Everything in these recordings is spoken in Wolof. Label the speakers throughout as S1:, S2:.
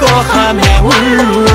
S1: koo xamewul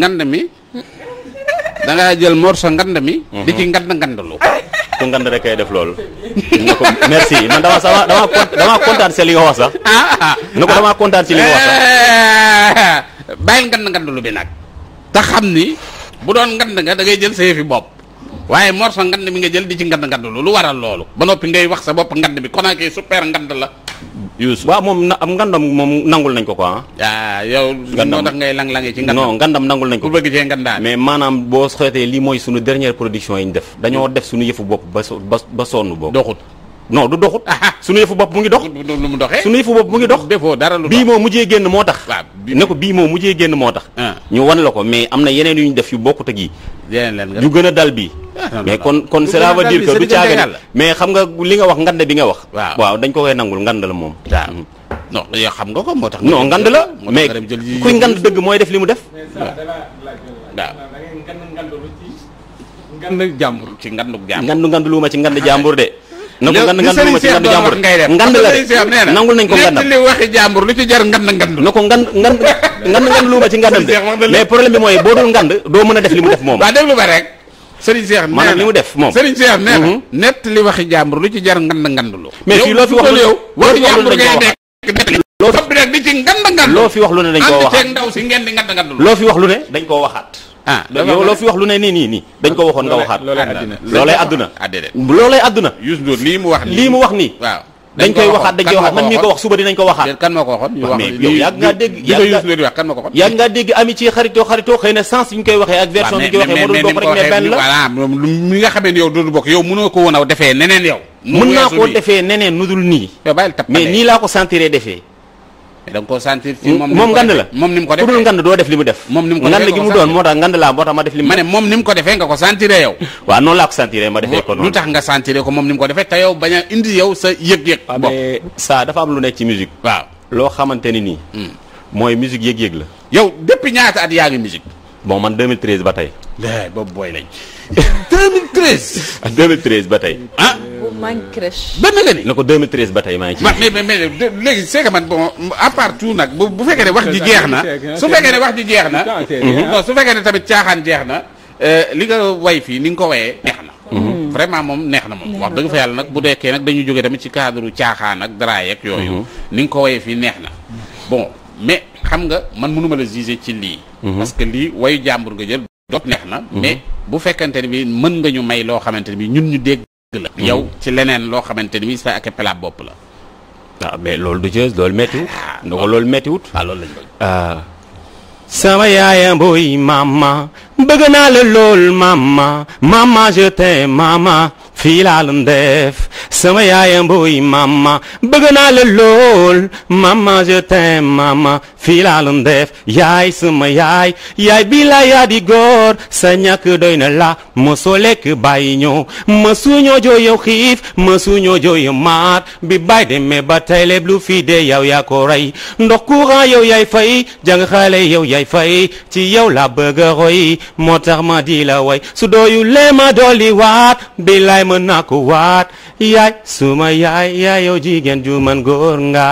S1: ngand mi dangaa jël morso ngand mi. Mhm. di ci ngand ngandalu. ku ngand rek kay def loolu. na ko merci man dama sama dama dama kontaan ci li nga wax sax. ah ah na kontaan ci li nga wax sax. bàyyil ngand ngandalu bi nag. te xam ni bu doon ngand nga da ngay jël sa yëfi bopp. waaye morso ngand mi nga jël di ci ngand ngandalu lu waral loolu. ba noppi ngay wax sa bopp ngand bi kon kay super ngand la. Youssou waaw moom na am ngandam moom nangul nañ ko ko ah, ah yow. ngandam moo tax lang-langi ci ngandam ngandam nangul nañ ko. ku bëgg cee ngandam mais maanaam boo xoolee lii mooy sunu dernière production yi ñu def. dañoo hmm. def sunu yëfu bopp ba ba sonn boobu. doxut no du doxut. suñu yëfu bopp mu ngi dox. lu mu doxee suñu yëfu bopp mu ngi dox. bii moo mujjee génn moo tax. ne ko bii moo mujjee génn moo tax. Ah. ñu wan la ko mais am na yeneen yu ñu def yu bokkut ak yi. yu gën a dal bii. Ah, mais kon kon cela veut dire que du caaga mais xam nga li nga wax ngand bi nga wax. waaw dañ ko koy nangul ngand la moom. Hmm. non yow ko moo tax. non ngand la mais kuy ngand dëgg mooy def li mu def. waaw ngand jàmbur ci nganduk jàmbur. ngandu nganduluma ci ngand jàmbur de na ko ngand ngand ma ci ngand jàmbur ngand ci jar ngand ngand na ko ngand ngand lu ma ci ngandam de mais problème bi mooy boo dul ngand doo mën a def li mu def moom waa déglu ba rek sëriñ Cheikh mhm. ci jar ngand ngand lu mais fii wax yow loo fi wax lu ne dañ koo loo fi wax lu ne dañ koo waxaat ah yow loo fi wax lu ne nii nii nii dañ ko waxoon nga waxaat loolay àdduna loolay àdduna Youssou Ndour lii mu wax lii mu wax nii dañ koy waxaat dañ koy waxaat man mii ko wax suba dinañ ko waxaat kan ma dégg yàgg kan ma ko xëy na sens yi ñu koy waxee ak version bi koy waxee moo dul bokk rek ne benn la mi nga xamee ne yow doodu bokk yow mënoo ko woon defee neneen yow mën naa koo defee neneen nudul nii mais nii laa ko sentiree defee mais da moom moom ngand la moom ni mu ko defee ku doo def li mu def moom ni mu ko ngand gi mu doon moo tax ngand laa moo tax ma def li defee ko sentiré yow ko sentiré ma defee ko noonu lu tax nga ko moom ni ko defee te yow bañ a indi yow sa yëg-yëg waaw mais ça dafa lu nekk ci musique loo xamante ni nii hmm. mooy musique yëg-yëg la yow depuis ñaata at yaa ngi musique bon man 2013 ba tey eh, boobu booy lañ 2013 2013 ba tey ah maa ngi crèche. ba nga ni na ko 2013 ba tey maa ngi ci. mais mais mais léegi c'est man bon à nag bu fekkee ne wax ji jeex na su fekkee ne wax ji jeex na. tamit caaxaan jeex na euh, li nga way fii ni nga ko wayee neex na. Mm-hmm. vraiment moom neex na moom wax dëgg fa yàlla nag bu dekkee nag dañu jógee tamit ci cadre caaxaan ak dara yeeg yooyu mm-hmm. ni nga ko wayee fii neex na bon mais xam nga man mënuma la juger ci lii mm-hmm. parce que lii wayu jàmbur nga jël doot neex na mais bu fekkante ne bi mën nga ñu may loo xamante ne bi ñun ñu la mm. ci leneen loo xamante ni sa ak pelaab la waaw ah, mais loolu du jës loolu méttiwut ah, nda ko loolu méttiwut waaw ah, loolu lañ bëgg sama yaaya mbooy mama bëgg naa la lool mama mama je t'aime fii laa leen def sama yaayam bëgg naa la lool mama je t'aime mama fii laa leen yaay sama yaay yaay bi la yaa di góor sa ñàkk doy na la soo lekk bàyyi ñëw mosuñoo jooyoo xiif mosuñoo jooyoo maat bi bàyyi demee ba tey lépp lu fii dee yow yaa ko rey ndox courant yow yaay fay jàng xale yow yaay fay ci yow la bëgg a moo tax ma di la way su dooyu lee ma waat bi laay mën naa ko waat yaay suma yaay yaay yow jigéen ju man góor nga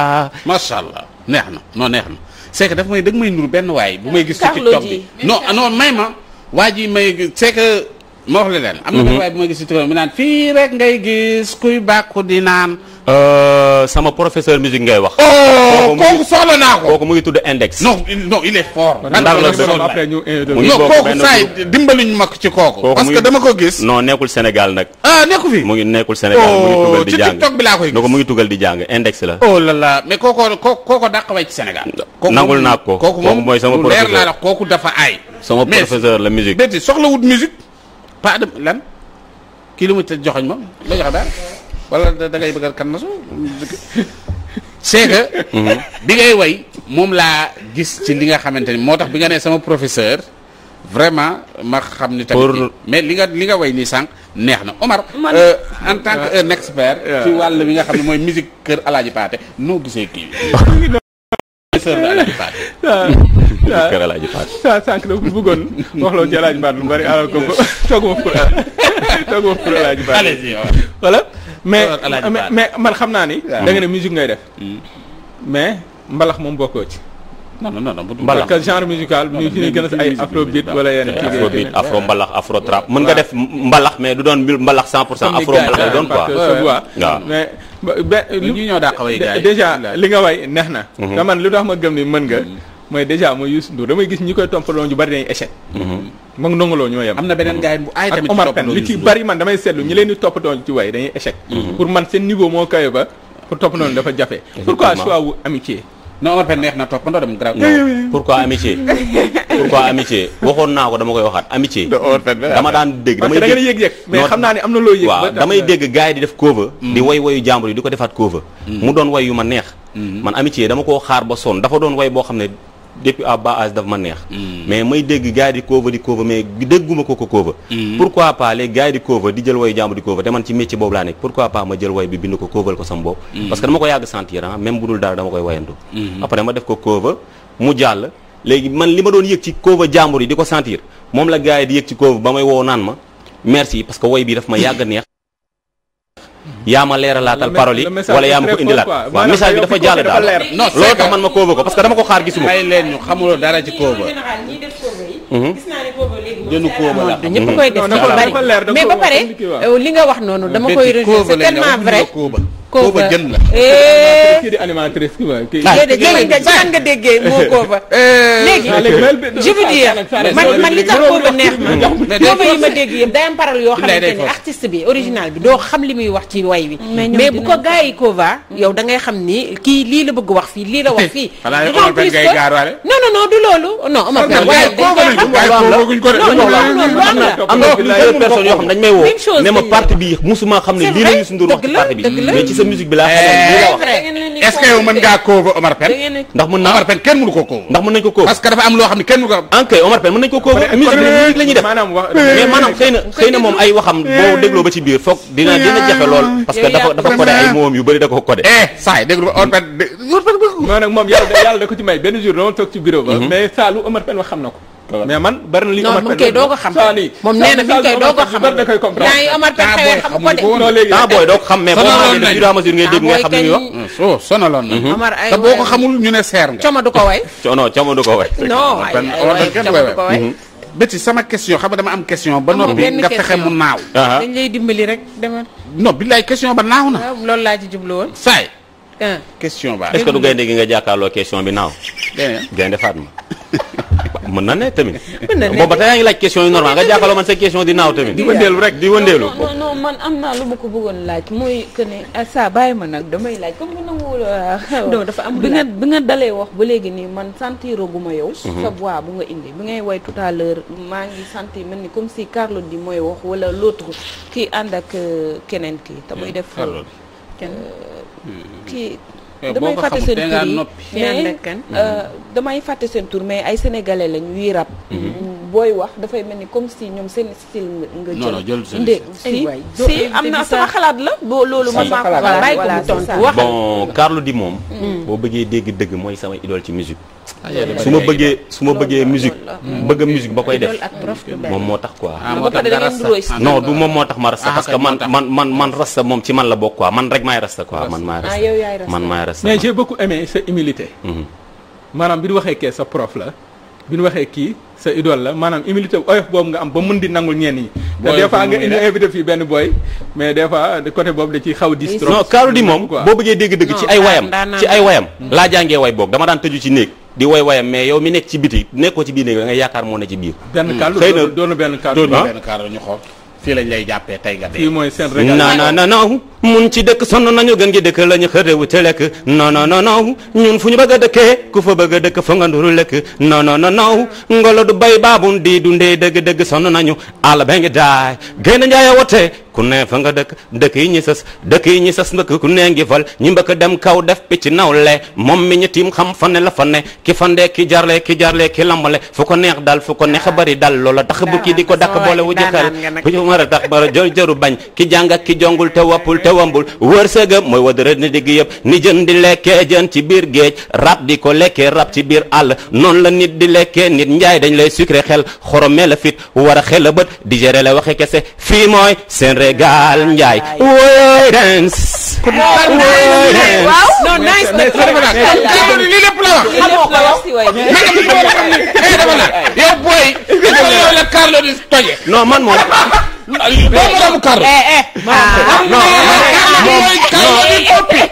S1: macha allah neex na non neex na c'est dafa may dëgg may nur benn waay bu may gis ci TikTok bi non ah non may ma waa ji may c'est que ma wax la na benn mhm. gis ci TikTok bi naan fii rek ngay gis kuy bàkku di Euh, sama professeur musique ngay wax. Oh, kooku soxla naa ko kooku mu ngi tudd index. no non il est fort. ndax kooku saa yi mag ci kooku. parce que dama ko gis. non nekkul Sénégal nag. ah nekku fi mu nekkul Sénégal mu oh, di jàng bi laa mu ngi tugal di jàng index la. oh là là mais kooku kooku dàq way ci Sénégal. nangul naa ko kooku mooy sama professeur leer naa la kooku dafa aay. la musique. bétti soxla wut musique. pas de lan kii ma la joxe daal wala da ngay bëgg a kan na c'est que mm-hmm. bi ngay way moom laa gis ci li nga xamante ni moo tax bi nga ne sama professeur vraiment ma xam ni tamit mais li nga li nga way nii sànq neex na Omar euh, en tant que un ci wàll bi nga xam ne mooy musique kër Alaaji Paate noo gisee kii sër la Alaaji Paate waaw kër Alaaji Paate sa sànq la bëggoon wax loolu ci Alaaji Paate lu bari alors que toog pour toog ma pour Alaaji mais mais man xam naa ni. da nga ne ngay def. Hmm. mais mbalax moom bokkoo ci. non non non mbalax parce que genre musical ñu ngi gën a ay afrobeat wala yenn kii afrobeat afro mbalax afro trap mën nga def mbalax mais du doon mbalax 100 pour cent afro mbalax lay doon quoi waaw mais ba déjà li nga way neex na. Mhm. te man lu tax ma gëm ni mën nga. Mhm. mooy déjà mooy Youssou Ndour damay gis ñi koy toppaloo ñu bari dañuy échec. moom ndongoloo ñoo yem. am na beneen gars bu ay tamit ci bari man damay seetlu ñi leen di toppatoo ci way dañuy échec. Mhm. pour man seen niveau moo kawe ba pour topp noonu dafa jafe. pourquoi choix wu amitié. non Omar Pène neex na toppandoo dem grave. pourquoi amitié pourquoi amitié waxoon naa ko dama koy waxaat amitié. dama daan dégg damay dégg yëg xam naa ne am na loo yëg. waaw damay dégg gars yi di def cover. Mm. di way wayu jàmbur yi di ko defaat cover. Mm. mu doon way yu ma neex. Mm. man amitié dama koo xaar ba sonn dafa doon way boo xam ne depuis à bas ma neex. Hmm. mais may dégg gars yi di cover di cover mais dégguma ko ko cover. Hmm. pourquoi pas léegi gars yi di cover di jël woyu jàmbur di cover te man ci métier boobu laa nekk pourquoi pas ma jël woy bi bind ko cover ko sama bopp. Hmm. parce que dama ko yàgg sentir ah bu dul dara dama koy wayantu. après ma def ko cover mu jàll. léegi man li ma doon yëg ci cover jàmbur yi di ko sentir moom la gars yi di yëg ci cover ba may woo naan ma merci parce que woy bi daf ma yàgg neex. yaa ma leeralaatal parole yi wala yaa ma ko indilaat waaw message dafa jàll daal loolu tax man ma kooba ko parce que dama ko xaar gisuma may leen ñu def ci mhm. bari mhm. mais ba pare
S2: euh, li nga wax noonu dama koy c'est tellement vrai
S1: kooba jën la. kii di animatrice bi waaw kii. léegi ci kan nga déggee moo kooba. Eh, eh. léegi je veux dire man man li tax kooba neex ma. kooba yi ma
S2: dégg yëpp day am parole yoo xamante ne artiste bi original bi doo xam li muy wax ci way wi. mais bu ko gars yi kooba. yow da ngay xam ni kii lii la bëgg wax fi lii la wax fii. xanaa ngay gaaraale. non non non du loolu. non Omar Pène waaye kooba la ñu ko la ñu ko am na am na yeneen personnes
S1: yoo xam dañ may woo. même chose ne ma parti bi musuma xam ne lii la ñu sunu doon wax ci parti bi sa musique bi laa xamoon eh. li la ndax mën naa Omar Pène kenn mënu ndax mën nañ ko kooba parce dafa am loo xam ne kenn mënu ko en ah, kay Omar Pène mën nañ ko kooba musique bi musique la ñuy def mais maanaam xëy ba ci biir foog dina dina jafe lool parce dafa dafa ay moom yu bëri da ko codé mm-hmm. na ko mais man bari na li Omar Pène koy doog a xam moom a xam yaa ngi Omar xewee xam ko de temps ah, booy doog xam mais boo ngay dégg ngay xam li ñu ne seer nga coma du ko way non coma hmm. sama question xam dama am question ba noppi nga fexe ah.
S2: lay dimbali rek demal non billaay question ba naaw na loolu laa
S1: ci jublu woon saay question ba est-ce gaynde gi nga jàkkaarloo question bi naaw gaynde Fatma mën na ne tamit. mën na ne booba tey yaa ngi laaj question yu normal nga jàkkaarloo man sa question di naaw tamit. di wëndeelu rek di wëndeelu. non
S2: non man am naa lu ma ko bëggoon laaj mooy que ne saa ah, bàyyi ma nag damay laaj comme que nanguwul. Ah, non dafa am bi nga bi nga dalee wax ba léegi nii man sentir gu ma yow. Mhm. sa bu nga indi bi ngay woy tout à maa ngi sentir mel ni comme si Carlou D mooy wax wala l'autre kii ànd ak euh, keneen kii. te muy hmm, def. Carlou D Euh, damay fàtte seen tur yi mais euh, mm-hmm. damay fàtte seen tur mais ay sénégalais lañ yuy rap. Mm-hmm. booy wax dafay mel ni comme si ñoom seen style nga jël. non jël si si am na sama xalaat la boo loolu man maa ko bàyyi ko mu tontu wax bon
S1: Carlou moom. Mm. boo bëggee dégg dëgg mooy sama idole ci musique. su ma bëggee su ma bëggee musique bëgg musique ba koy def moom moo tax quoi ah, non du moom moo tax ma rasta ah, parce que man man man man rasta moom ci man la bokk quoi man rek maay rasta quoi man maay rasta ah, man maay rasta mais j'ai beaucoup aimé sa humilité mhm. maanaam bi ñu waxee kee sa prof la bi ñu waxee kii sa idole la maanaam humilité oyof boobu nga am ba mën di nangul ñeen yi te des fois nga indi invité fii benn booy mais des fois côté boobu da ci xaw dis trop non Karou di moom boo bëggee dégg-dëgg ci ay wayam ci ay wayam laa jàngee way boog dama daan tëju ci néeg di woy woyam mais yow mi nekk ci biti nekkoo ci biir néeg da nga yaakaar moo ne ci biir. benn hmm. kàddu xëy na doonu benn kàddu benn kàddu ñu xool. fii lañ lay jàppee tey nga dee. fii mooy seen régal non non non a dëkkee ku a dëkk fa ngolo du bay baabun di dundee dëgg dëgg sonn nañu àll ba ngi daay gën a njaay ku ne fa nga dëkk dëkk yi ñi sës dëkk yi ñi sës ndëkk ku ne ngi fal ñi mbëkk dem kaw def picc nawle moom mi ñu tiim xam fa la fa ne ki fandee ki jarle ki jarle ki lambale fu ko neex dal fu ko neex bari dal loola tax bu di ko dakk boole wu jëkkal bu a tax bara jëru bañ ki jàng ak ki jongul te wappul te wambul wërsëgam mooy wadara ni digg yëpp ni jën di lekkee jën ci biir géej rab di ko lekkee rab ci biir àll noonu la nit di lekkee nit njaay dañ lay sucré xel xoromee la fit war a a Sénégal Ndiaye. wóoy dance. wóoy dance. non nice nag lii lépp la wax. xamoo ko yow. yow booy. yow la Carlo di toje. non man moom.
S2: doomu Carlo. non
S1: ku wet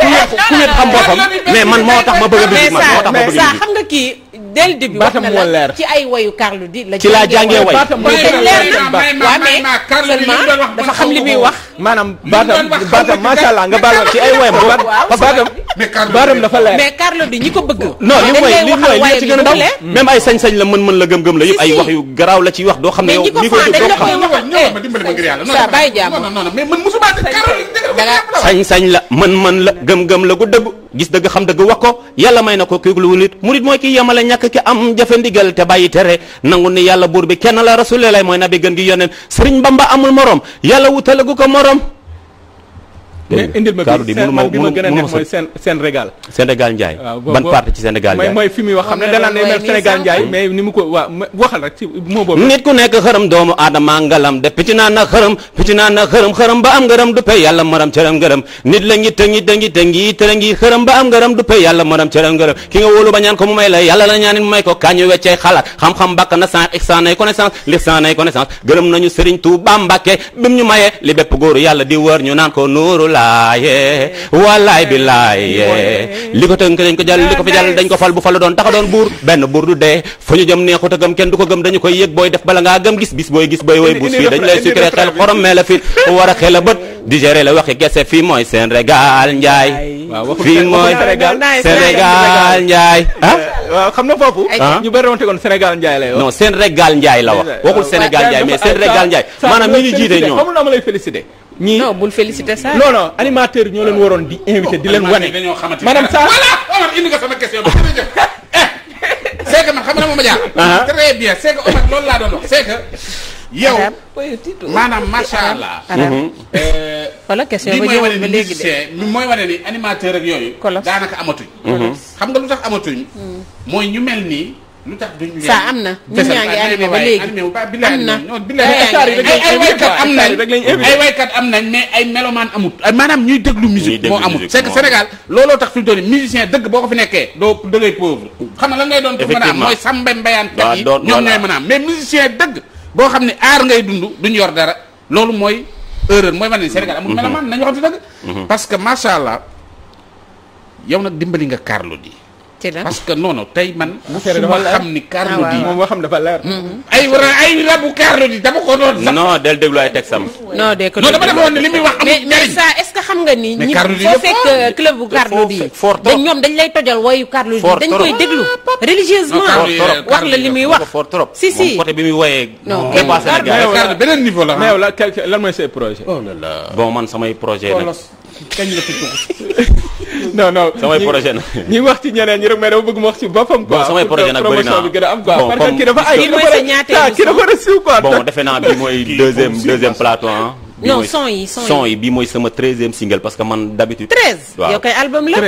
S1: xam boppam mais man moo tax ma bëgg a. man moo tax ma bëgg a. mais xam
S2: nga kii. dès le
S1: début wax la
S2: ci ay wayu Carlou D la. ci laa jàngee way baatam mais seulement dafa li muy wax.
S1: maanaam baatam baatam macha allah nga baal ci ay wayam. waaw baatam baatam dafa leer.
S2: mais ñi ko bëgg. non li mooy li mooy li ci gën a ndaw
S1: même ay sañ-sañ la mën-mën la gëm-gëm la yëpp ay la ci wax doo xam ne yow. li ko dégg doo xam sañ la mën-mën la gëm-gëm la gu dëgg gis dëgg xam dëgg wax ko yàlla may na ko kii lu nit murit mooy kii yamale ñàkk ñàkk ki am jafe ndigal te bàyyi tere nangu ni yàlla buur bi kenn la rasulillah na nabi gën gi yoneen sëriñ Bamba amul morom yàlla wutale gu ko morom mais indil ma bi ma gën a nekk mooy seen seen régal Sénégal Ndiaye ah, ban parti ci Sénégal Ndiaye mooy fi muy wax xam ne danaan ne mel Sénégal Ndiaye mais ni mu ko waa waxal rek ci moo boobu nit ku nekk xërëm doomu aadama ngalam de picc naa na xërëm picc naa na xërëm xërëm ba am ngërëm du pay yàlla maram cëram ngërëm nit la ngi tëngi tëngi tëngi tërëngi xërëm ba am ngërëm du pay yàlla maram cëram ngërëm ki nga wóolu ba ñaan ko mu may la yàlla la ñaanin mu may ko kañu weccee xalaat xam-xam bàkk na sens ixsaan ay connaissance lixsaan ay connaissance gërëm nañu Sëriñ Tuubaa Mbàkke bi mu ñu mayee li bépp góoru yàlla di wër ñu naan ko nuuru laaye walaay bi laaye li ko tënk dañ ko jàll li ko fi jàll dañ ko fal bu falu doon taxa doon buur benn buur du dee fa ñu jëm neexut gëm kenn du ko gëm dañu koy yëg booy def bala ngaa gëm gis bis booy gis booy woy buus fii dañ lay sucré xel xorom mee la fit war a xel a bët digéré la waxi gese fii mooy seen régal njaay fii mooy seen régal njaay ah waaw xam na foofu ah? ñu bëri doon tegoon Sénégal Njaay lay wax la wax waxul Sénégal njaay mais seen njaay maanaam ñi ñu jiite ñoom ñii bul féliciter ça. non non animateur yi ñoo leen woroon di oh, invité di leen wane. maanaam ça voilà Omar indi nga sama question bi jërëjëf. Eh, c'est que xam na moom ma ah. bien c'est que loolu laa doon wax c'est que. maanaam macha allah. wala mhm. euh, question ba ñëwoon ba léegi de mooy wane animateur ak yooyu. daanaka amatuñ. Mhm. xam nga lu tax amatuñ. Mm. mooy ñu mel nii. lu tax duñ leen saa am na. ñun ñaa ngi animé ba léegi am na ay waykat am nañ mais ay melomaan amut maanaam ñuy déglu musique moo amut c'est que looloo tax fi mu toll nii musicien dëgg boo ko fi nekkee doo da ngay pauvre xam na la ngay doon pour mën a am mooy sàmbe mbayaan kat yi ñoom ñooy mën a am mais musicien dëgg boo xam ne aar ngay dund duñ yor dara loolu mooy erreur mooy man ne Sénégal amul mhm. melomaan nañu waxante dëgg mhm. parce que macha allah yow nag dimbali nga Carlou di ci parce que noonu non tey man. musuma xam ni Carlou ah, D moom waxam dafa la mm-hmm. ay war ay rabu Carlou D dama ko doon. non del déglu ay teg sam.
S2: non de ko non muy wax amul njariñ. que xam nga ni. mais Carlou D fekk club bu Carlou D. fort trop dañ ñoom dañ lay tojal woyu Carlou D. dañ koy déglu ah, religieusement. wax
S1: la li muy wax fort trop. si si bi muy woyee. non dépassé na beneen niveau la. mais yow ah. la lan mooy say projet. oh man samay projet nag. la non non samay projet nag ñi wax ci ñeneen ñi rek mais dama bëgg ma wax ci boppam quoi samay projet nag bëri naa bi gën a am quoi parce que ki ki dafa reçu quoi bon bi mooy deuxième plateau ah non son yi son yi bi mooy sama treizième single parce que man d'habitude treize yow kay album la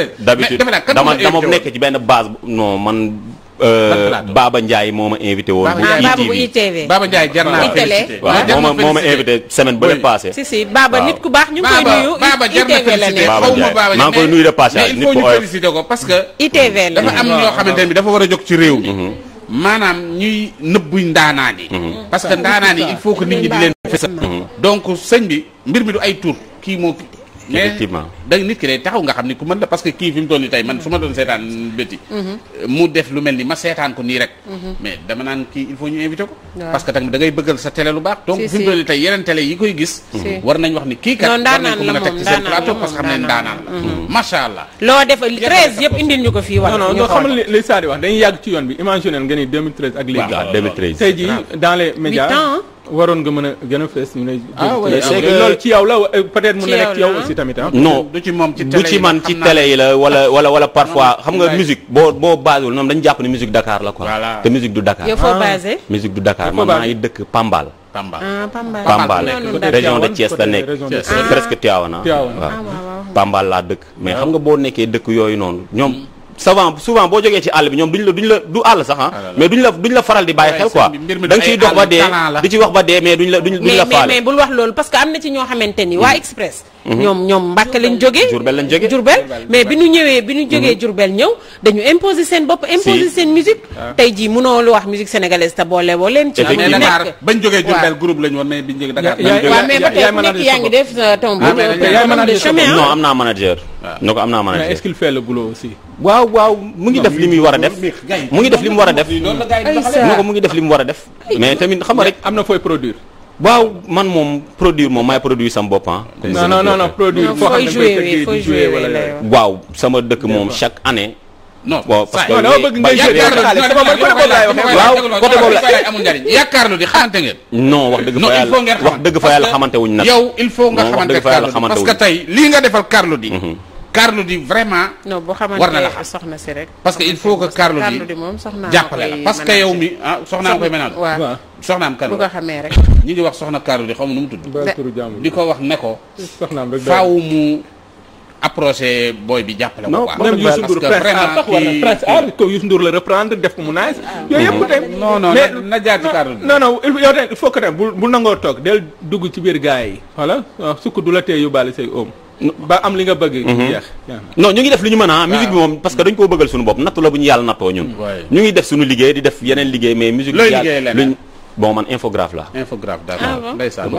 S1: Euh, Baba Ndiaye moo ma invité woon. bu
S2: ITV Baba Ndiaye jar naa félicité waaw ma
S1: invité semaine bële passé. si
S2: si Baba nit ku baax ñu ngi nuyu. ITV la maa ngi koy nuyu de passage nit ku oyof
S1: ko parce que. ITV la dafa war a jóg ci réew mhm. maanaam ñuy nëbbuy ndaanaan yi. Mhm. parce que ndaanaan yi il faut que nit ñi di leen fësal. Mhm. donc sëñ bi mbir mi du ay tur kii moo. effectivement nit ki day taxaw nga xam ni ku mën la parce que kii fi mu toll nii man su ma doon seetaan bëti mhm. mu def lu mel ni ma seetaan ko nii rek. Mhm. mais dama naan sa télé lu baax. donc fi mu toll nii yeneen télé yi koy gis. Mhm. war nañ wax ni kii kat. war nañ la. macha allah. loo def 13 yëpp indil ñu ko fii wax. non non xamal li li wax dañuy yàgg ci yoon bi imaginer nga ni 2013 ak léegi. waaw 2013 tey jii dans les médias waroon nga mën a gën a fees ñu lay. ah oui c'est que loolu ci yow la euh, peut-être mën na tamit ah. non ci moom ci télé yi man ci télé yi la wala wala wala parfois ah. xam nga musique boo boo basewul noonu dañ jàpp ne musique Dakar la quoi. te musique du Dakar. yow foo ah. basé. musique du Dakar man maa ngi dëkk Pambal. Pambal ah, Pambal nekk région de Thiès la nekk. presque Tivaouane ah waaw Pambal laa dëkk. mais xam nga boo nekkee dëkk yooyu noonu ñoom hmm. souvent souvent boo jógee ci àll bi ñoom du àll sax ah. ah mais duñ la la faral di bàyyi xel quoi. da nga ciy dox ba dee di ci wax ba dee mais duñ la duñ la faale. mais bul
S2: wax loolu parce que am na ci ñoo xamante ni waa hmm. express. ñoom ñoom Mbàkke lañ jógee Jurbel lañ jógee Jurbel mais bi ñu ñëwee bi ñu jógee Jurbel ñëw dañu imposer seen bopp imposer seen musique tey jii mënoo lu wax musique sénégalaise te boole woo leen ci nekk bañ jógee Jurbel
S1: groupe lañ woon mais biñ jógee Dakar waaw mais ba tey nekk yaa ngi
S2: def ton de chemin non
S1: am naa manager no ko am naa manager mais est-ce qu'il waaw waaw mu ngi def li muy war a def mu ngi def li mu war a def no ko mu ngi def li mu war a def mais tamit xam nga rek am na fooy produire waaw man moom produit moom maay produit sama boppa ah. non non non produire foo xam ne fooy waaw sama dëkk moom chaque année. non parce que dama bëgg ngay joué waaw côté boobu la amul njariñ yaakaar di xamante ngeen. non wax dëgg fa yàlla wax dëgg fa yàlla xamante wuñ nag. yow il faut nga xamante Carlou D parce que tey lii nga defal Carlou di mhm. Carlou D vraiment. non boo xamante ne soxna si rek. parce que il faut que Carlou D moom soxna jàppale la parce que yow mi ah soxnaam koy mënaat. waaw soxnaam Carlou rek. ñi ngi wax soxna Carlou D xaw ma nu mu di ko wax ne ko. soxnaam rek faaw mu. approché booy bi jàppale ko. quoi même la reprendre def ko mu naaj. Ah, yooyu yëpp na jaar ci kàddu bu bu toog dugg ci biir gaa yi. voilà sukk du la tee yóbbaale say oom. ba am li nga bëgg. Mhm. jeex non ñu ngi def lu ñu mën a ah, musique bi moom parce que dañ koo bëggal suñu bopp nattu la bu ñu yàlla nattoo ñun. ñu ngi def suñu liggéey di def yeneen liggéey mais. musique bi yàlla luñ bon man infographe la infographe d'accord ah ndeysaan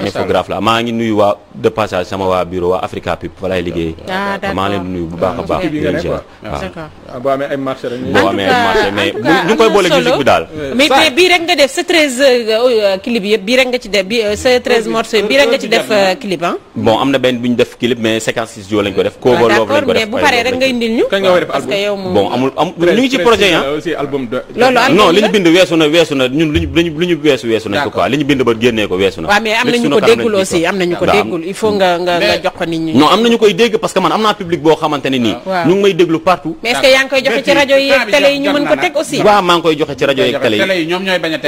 S1: a am na benn bu ñu def clip mais séquence six jours lañ ko def ah, cover love bu paree rek nga
S2: indil ñu a parce que yow moom
S1: bon ñu ci projet ah non li ñu bind weesu na weesu na ñun li ñu li ñu weesu weesu nañ ko quoi li ñu bind ba génnee ko weesu na waaw mais am nañu ko déggul aussi am nañu ko déggul
S2: il faut nga nga jox ko nit ñi non am
S1: nañu koy dégg partout mais que yaa koy joxe ci rajo yi ak yi ñu mën ko teg aussi waaw maa koy joxe ci rajo yi ak yi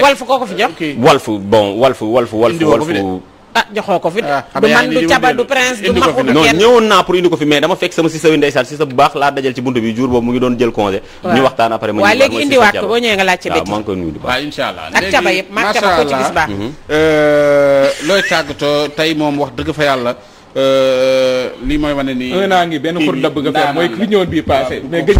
S1: walfu koo ko fi jox walfu bon walfu walfu walfu ah joxoo ko fi. Ah, du man du caba du prince du maxu du kenn ñëwoon naa pour indi ko fi mais dama fekk sama si sawi ndeysaan si sa bu baax laa dajal ci buntu bi jour boobu mu ngi doon jël congé. ñu waxtaan après ma waaw léegi indiwaat ko boo ñëwee nga laaj ci bëccëg waaw maa allah mhm. euh, looy tàggatoo tey moom wax dëgg fa yàlla euh, lii mooy wane ni un an ngi benn xur dabb nga fee mooy ki ñëwoon bii passé mais gëj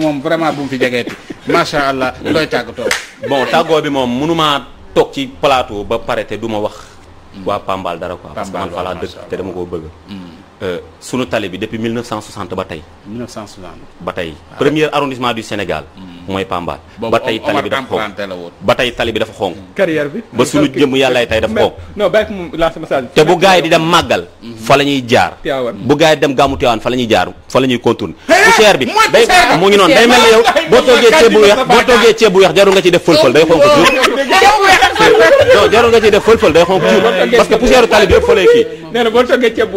S1: moom vraiment bu mu fi jegeeti macha allah looy tàggatoo bon tàggoo bi moom mënumaa toog ci palaatoo ba pare te duma wax waa Pambal dara ko parce que man fa laa dëkk te dama koo bëgg. sunu tali bi depuis 1960 ba tey. 1960 ba tey premier arrondissement du Sénégal. mooy Pambal. ba tey tali bi dafa xonk ba tey tali bi dafa xonk. carrière bi ba sunu jëmm yàllaay tey dafa xonk. non te bu gars yi di dem màggal. fa la ñuy jaar. bu gars yi di dem gàmmu Tiwaawan fa la ñuy jaar fa la ñuy contourner. poussière bi day mu ngi noonu day mel yow boo toogee ceeb bu weex boo toogee ceeb bu weex jarul nga ci def fël-fël day xonk non jarul nga ciy def fël-fël day xonk ci na boo toggee ceeb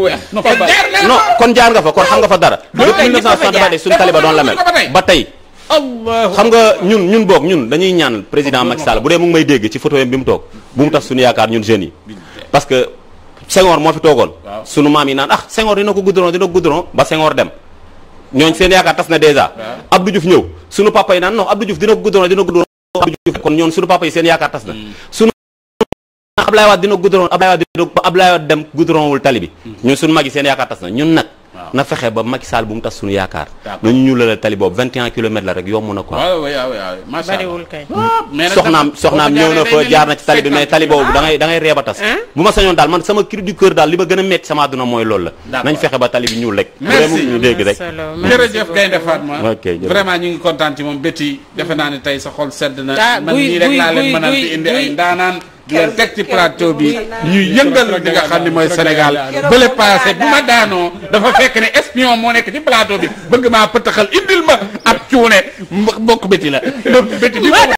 S1: kon jaar nga fa kon xam nga fa dara ba tey xam nga ñun ñun boog ñun dañuy ñaan président Macky Sall bu dee mu ngi may dégg ci photo yam bi mu toog bu mu tax suñu yaakaar ñun jeunes yi parce que Senghor moo fi toogoon suñu maam yi naan ah Senghor dina ko goudron dina ko goudron ba Senghor dem ñooñ seen yaakaar tas na déjà Abdou Diouf ñëw suñu papa yi naan non Abdou Diouf dina ko goudron dina ko goudron kon ñoon suñu Ablaye Wade dina goudron Ablaye Wade dina ba Ablaye Wade dem mm-hmm. ah, soxnaam soxnaam ñëw na fa jaar na ci tali bi mais tali boobu da reeba tas bu ma sañoon daal man sama cri du cœur daal li ma gën a metti sama àdduna mooy loolu la nañ fexe ba tali bi ñuul rek ñu dégg rek jërëjëf Gaynde Fatma vraiment ñu ngi kontaan ci moom bétti defe naa ne tey sa xol sedd na ah, man nii rek laa leen di leen teg ci plateau bi ñuy yëngal li nga xam ne mooy Sénégal bële passé bu ma daanoo dafa fekk ne espion moo nekk ci plateau bi bëgg maa pëtaxal indil ma ab cuune mbokk bëti la mbokk bëti bi